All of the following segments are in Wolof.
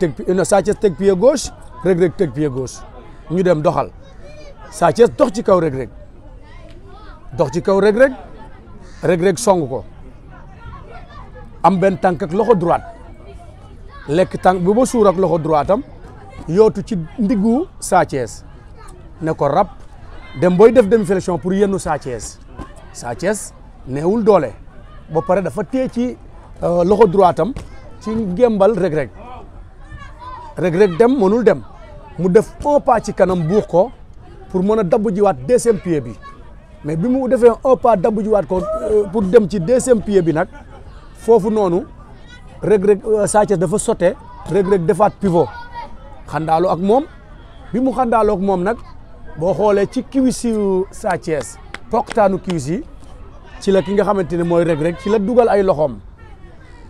teg Sa Thiès teg pied gauche reg Reug teg pied gauche ñu dem doxal Sa Thiès ci kaw Reug Reug dox ci kaw Reug Reug Reug Reug song ko am benn tànk ak loxo droite lekk tànk bu ba suur ak loxo droite am yootu ci ndiggu Sa ne ko rab dem booy def demi-flexion pour yennu Sa Thiès Sa Thiès neewul doole ba pare dafa téye ci euh, loxo droite ci ngembal reg Reug Reug Reug dem mënul dem mu def un ci kanam buux ko pour mën a dabb jiwaat deuxième pied bi mais bi mu defee un pas dabb jiwaat ko euh, pour dem ci deuxième pied bi nag foofu noonu Reug Reug euh, Sa Thiès dafa sote Reug Reug defaat pivot xandaalu ak moom bi mu xandaaloo ak moom nag boo xoolee ci kiwisiw Sa Thiès poktaanu kiwis yi ci la ki nga xamante ne mooy Reug Reug ci la dugal ay loxoom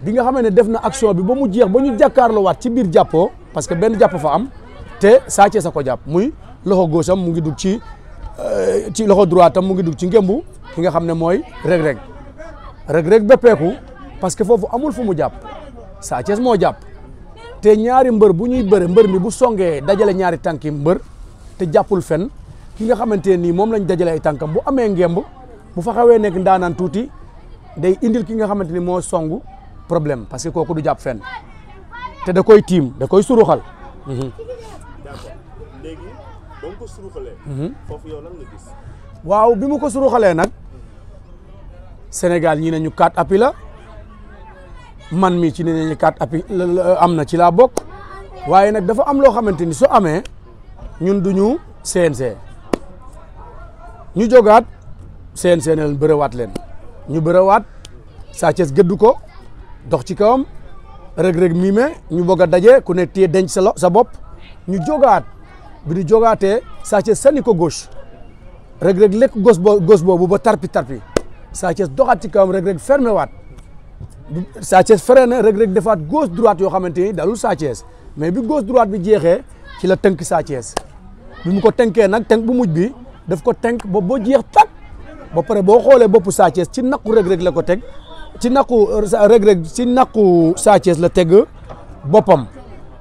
bi nga xamee def na action bi ba mu jeex ba ñu wat ci bir jappo parce que benn jàpp fa am te Sa ci sa ko japp muy loxo gauche am mu ngi dug ci euh, ci loxo droite am mu ngi dug ci ngembu ki nga xamné moy reg reg reg reg Reug parce que fofu amul fu mu japp Sa ci mo japp te ñaari mbeur bu ñuy bëre mbeur mi bu songé dajale ñaari tanki mbeur te jappul fenn ki nga xamanté ni mom lañ dajale ay tankam bu amé ngemb bu fa xawé nek ndanan touti day indil ki nga xamanté ni mo songu problème parce que kooku du jàpp fenn te da koy tiim da koy suruxal. Mhm. waaw bi mu ko suruxalee nag Sénégal ñi nañu quatre appuis la man mi ci ne nañu quatre la am na ci laa bokk waaye nag dafa am loo xamante ni su amee ñun duñu CNC ñu jogaat CNC ne leen bërewaat leen ñu bërewaat Sa Thiès gëddu ko. dox ci kawam rëg-rëg mi me ñu bëgg a daje ku ne téye denc sa sa bopp ñu jogaat bi ñu jogaatee Sa ci sani ko gauche rëg-rëg lekk gos bo gos boobu ba tarpi tarpi Sa ci doxaat ci kawam rëg-rëg fermé waat Sa ci freiné rëg-rëg defaat gauche droite yoo xamante ni dalul Sa ci mais bi gauche droite bi jeexee ci la tënk Sa ci bi mu ko tënkee nag tënk bu mujj bi daf ko tënk ba boo jeex tàkk ba pare boo xoolee boppu Sa ci ci naqu rëg-rëg la ko teg ci naqu euh, Reug Reug ci naqu Sa Thiès la teg boppam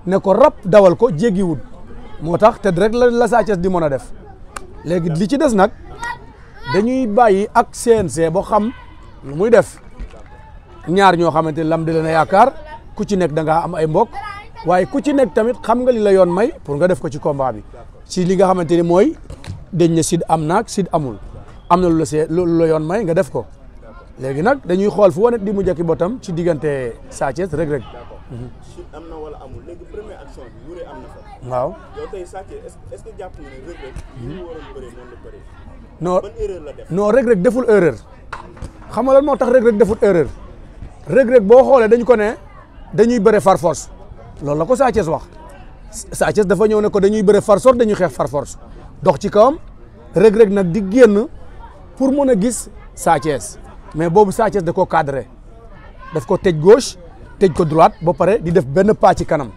ne ko rab dawal ko jéggiwul moo tax te rek la la Sa di mën a def léegi li ci des nag dañuy bàyyi ak CNC boo xam lu muy def ñaar ñoo xamante ni lam di leen a yaakaar ku ci nekk da ngaa am ay mbok waaye ku ci nekk tamit xam nga li la yoon may pour nga def ko ci combat bi si li nga xamante ni mooy dañ ne sid am naag sid amul am na lu la see lu la yoon may nga def ko léegi nag dañuy xool fu wane di mu jëkki bootam ci diggante Sa Thiès Reug Reug. d'accord mhm. su am na wala amul waaw yow tey Sa est-ce que jàpp nga mhm. la bëree. non ban deful erreur. xam nga lan moo tax Reug Reug deful erreur. Reug Reug boo xoolee dañu ko ne dañuy bëre far force loolu la ko Sa Thiès wax Sa dafa ñëw ne ko dañuy bëre far force dañuy xeex far force dox ci kawam Reug Reug nag di génn pour mën a gis Sa mais boobu Sa Thiès da koo cadré daf ko tëj gauche tëj ko droite ba pare di def benn pas ci kanam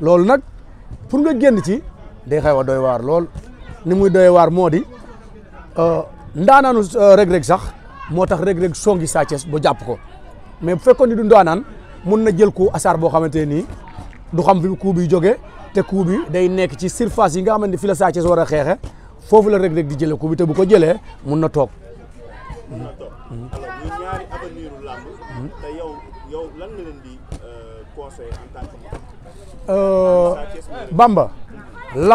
loolu nag pour nga génn ci day xew a doy waar lool ni muy doy waar moo di euh, ndaanaanu euh, rëg-rëg sax moo tax rëg-rëg songi Sa Thiès ba jàpp ko mais bu fekkoon ni du ndaanaan mun na jël ko asaar boo xamante nii du xam fi coup bi jóge te coup bi day nekk ci surface yi nga xamante fi la Sa war a xeexe foofu la rëg-rëg di jëlee coup bi te bu ko jëlee mun na toog alors ñu ñaari avenir u làmb te yow yow lan nga leen di euh, conseil en tant que euh, Bamba làmb